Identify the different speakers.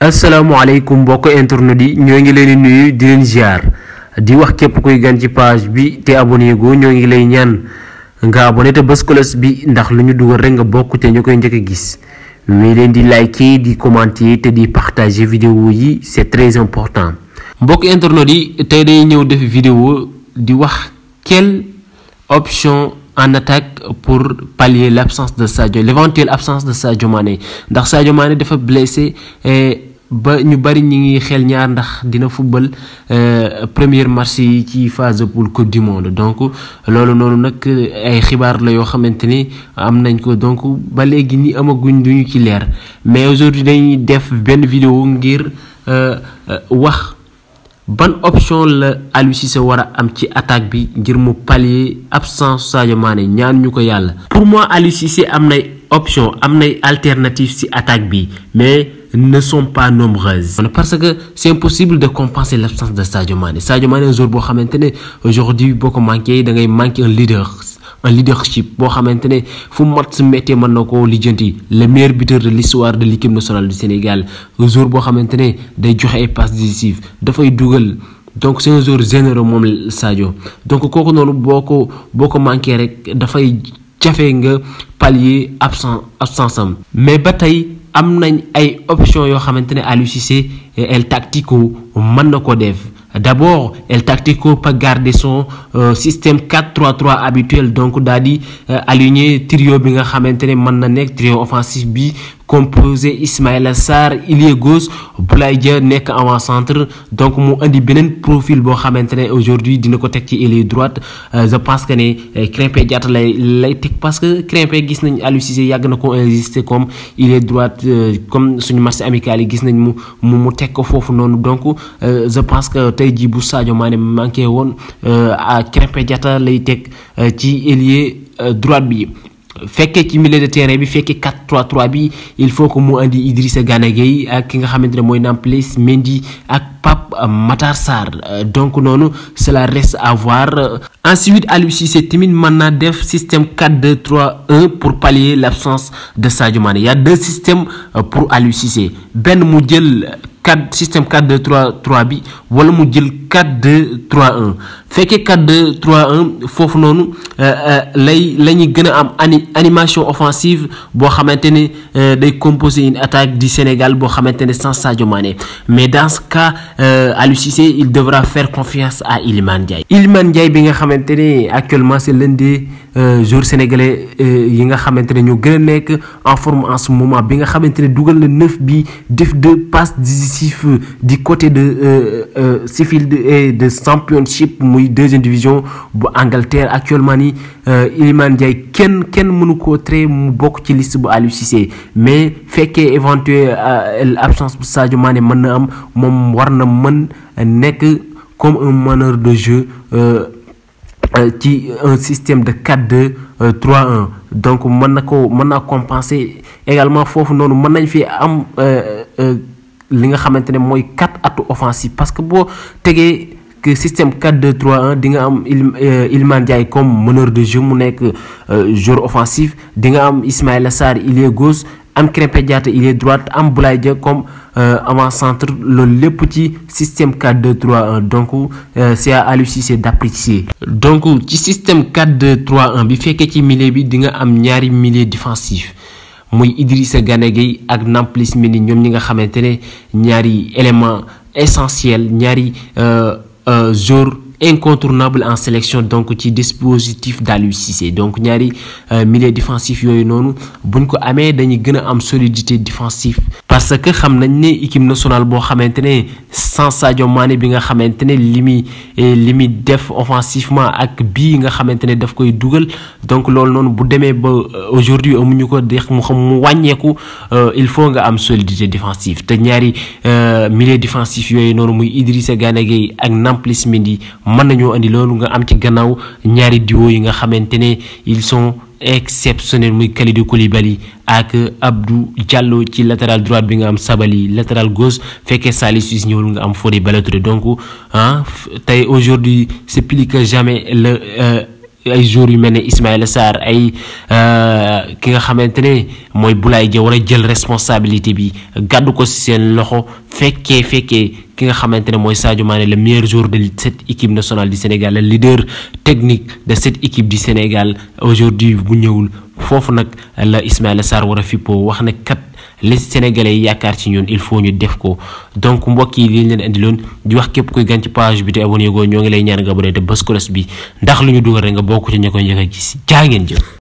Speaker 1: assalamu mbokk internet yi ñoo ngi leen di nuyu di leen ziar di wax képp kuy gan ci page bi te abonné go ñoo ngi lay ñaan nga abonné te bës bi ndax lu ñu dugal rek nga bokk te ñu koy njëkk a gis mais leen di liker di commenter te di partager vidéo yi c'est très important. mbokk internet yi tey day ñëw def vidéo di wax quelle option. en attaque pour pallier l'absence de Sadio, l'éventuelle absence de Sadio Mané. Ndax Sadio Mané dafa blessé et ba ñu bari ñi ngi xel ñaar ndax dina football euh, première match yi ci phase de poule coupe du monde donc loolu noonu nag euh, ay xibaar la yoo xamante ni am nañ ko donc ba léegi ni amaguñ duñu ci leer mais aujourd'hui dañuy def benn vidéo ngir euh, wax ban option la Aliou Cissé war a am ci attaque bi ngir mu pallier absence Sadio Mané ñaan ñu ko yàlla pour moi Aliou Cissé am nay option am nay alternative ci attaque bi mais ne sont pas nombreuses. parce que c'est impossible de compenser l'absence de Sadio Mané Sadio Mané jour aujourd'hui beaucoup manqué il manque un leader un leadership boo maintenir. Faut fu mettre su le meilleur buteur de l'histoire de l'équipe nationale du Sénégal jour boo xamante ne day joxe passes décisives dafay dugal. donc c'est un jour généreux moom Sadio donc il faut beaucoup ko boo ko manqué rek dafay nga pallier absence mais bataille y a ay option yoo xamante à l'UCC Cissé El Tactico mën na d'abord El Tactico peut garder son euh, système 4-3-3 habituel donc daal euh, aligner trio bi nga xamante ne na trio offensif bi composé Ismaïla il est gauche Boulaye Dia avant centre donc mon indi benen profil boo xamantene aujourd'hui dina ko teg ci ailier droite euh, je pense que ne crimpé euh, diat lay lay parce que crimpé gis nañ Aliou Cissé yàgg na ko insister comme est droite euh, comme suñu match amical yi gis nañ mu mu mu teg ko fofu non donc je pense que tey jii bu Sadio Mané manqué à crimpé diat lay tek ci ailier droite bi fait ci milieu de terrain bi fekkee 4-3-3 bi il faut que mu andi Idrissa Gana Gueye ak ki nga xamante ne mooy place Mendy ak Pape Matar Sarr euh, donc noonu cela reste à voir ensuite Aliou Cissé tamit mën naa def système 4-2-3-1 pour pallier l'absence de Sadio il y a deux systèmes euh, pour Aliou ben benn mu jël système 4-2-3-3 bi wala mu jël. 4-2-3-1 Fait que 4-2-3-1 Faut que lay la ñuy am animation offensive pour xamanteni euh, composer une attaque du Sénégal bo xamanteni sans Sadio Mané mais dans ce cas euh, Aliou Cissé il devra faire confiance à Iliman Diaye Iliman Diaye bi nga actuellement c'est l'un des euh, joueurs sénégalais euh, yi nga xamanteni ñu gëna nek en forme en ce moment bi nga xamanteni dugal 9 neuf bi def deux passes décisives du côté de Sheffield et de championship muy deuxième division bu Angleterre actuellement ni euh, Iliman Ndiaye kenn ken mënu koo traiter mu bokk ci liste bu Aliou Cissé mais fekkee éventuelle euh, absence de Sadio Mané mën na am mom war na mën comme un meneur de jeu euh, ci un système de 4-2 3-1 donc mën na ko mën compenser également fofu noonu mën nañ fi am li nga xamante ne mooy quatre atu parce que bo le que système 4-2-3-1 di nga am ilman euh, comme meneur de jeu mu nekk euh, joueur offensif di nga am Ismaïla Sarr est gauche am Krépin il est droite am Boulaye comme euh, avant-centre le petit système 4-2-3-1 donc c'est à lui c'est d'apprécier donc ci système 4-2-3-1 bi fekkee ci milieu bi di nga am ñaari milieu défensif muy Idrissa Gana Gueye ak Nampalys mini ñoom ñi nga xamante ne ñaari élément essentiel ñaari euh, euh, jour incontournable en sélection donc ci dispositif d'Aliou Cissé donc ñaari euh, milieu défensif yooyu noonu buñ ko amee dañuy gën am solidité défensive parce que xam nañ ne équipe nationale boo xamante sans Sadio Mané bi nga ne li eh, def offensivement ak bii nga xamante ne daf koy dugal donc bu euh, aujourd'hui amuñu ko mu euh, il faut nga am solidité défensive te ñaari euh, milieu défensif yooyu noonu muy Idrissa Gana ak andi loolu nga am ci ñaari yi nga ils sont exceptionnel muy Kalidou Koulibaly ak Abdou Diallo ci latéral droite bi nga am Sabali latéral gauche fait que Ciss ñëwul nga am Fodé ballo donc hein ah, tay aujourd'hui c'est plus que jamais le euh, ay jour yu mel ne Ismaïla sar ay euh, ki nga xamante ne mooy Boulaye Dia war a jël responsabilité bi gàddu ko ci seen loxo fekkee fekkee ki nga xamante ne mooy Sadio Mané le meilleur joueur de cette équipe nationale du Sénégal le leader technique de cette équipe du Sénégal aujourd'hui bu ñëwul foofu nag la Ismaïla Sarr war a fippoo wax ne kat li Sénégalais yaakaar ci ñun il faut ñu def ko donc mbokk yi li leen indiloon di wax képp kuy gan ci page bi te abonné goo ñoo ngi lay ñaan nga abonné te bës cloche bi ndax lu ñu dugal rek nga bokk ci ña ko njëkk a gis ngeen jëf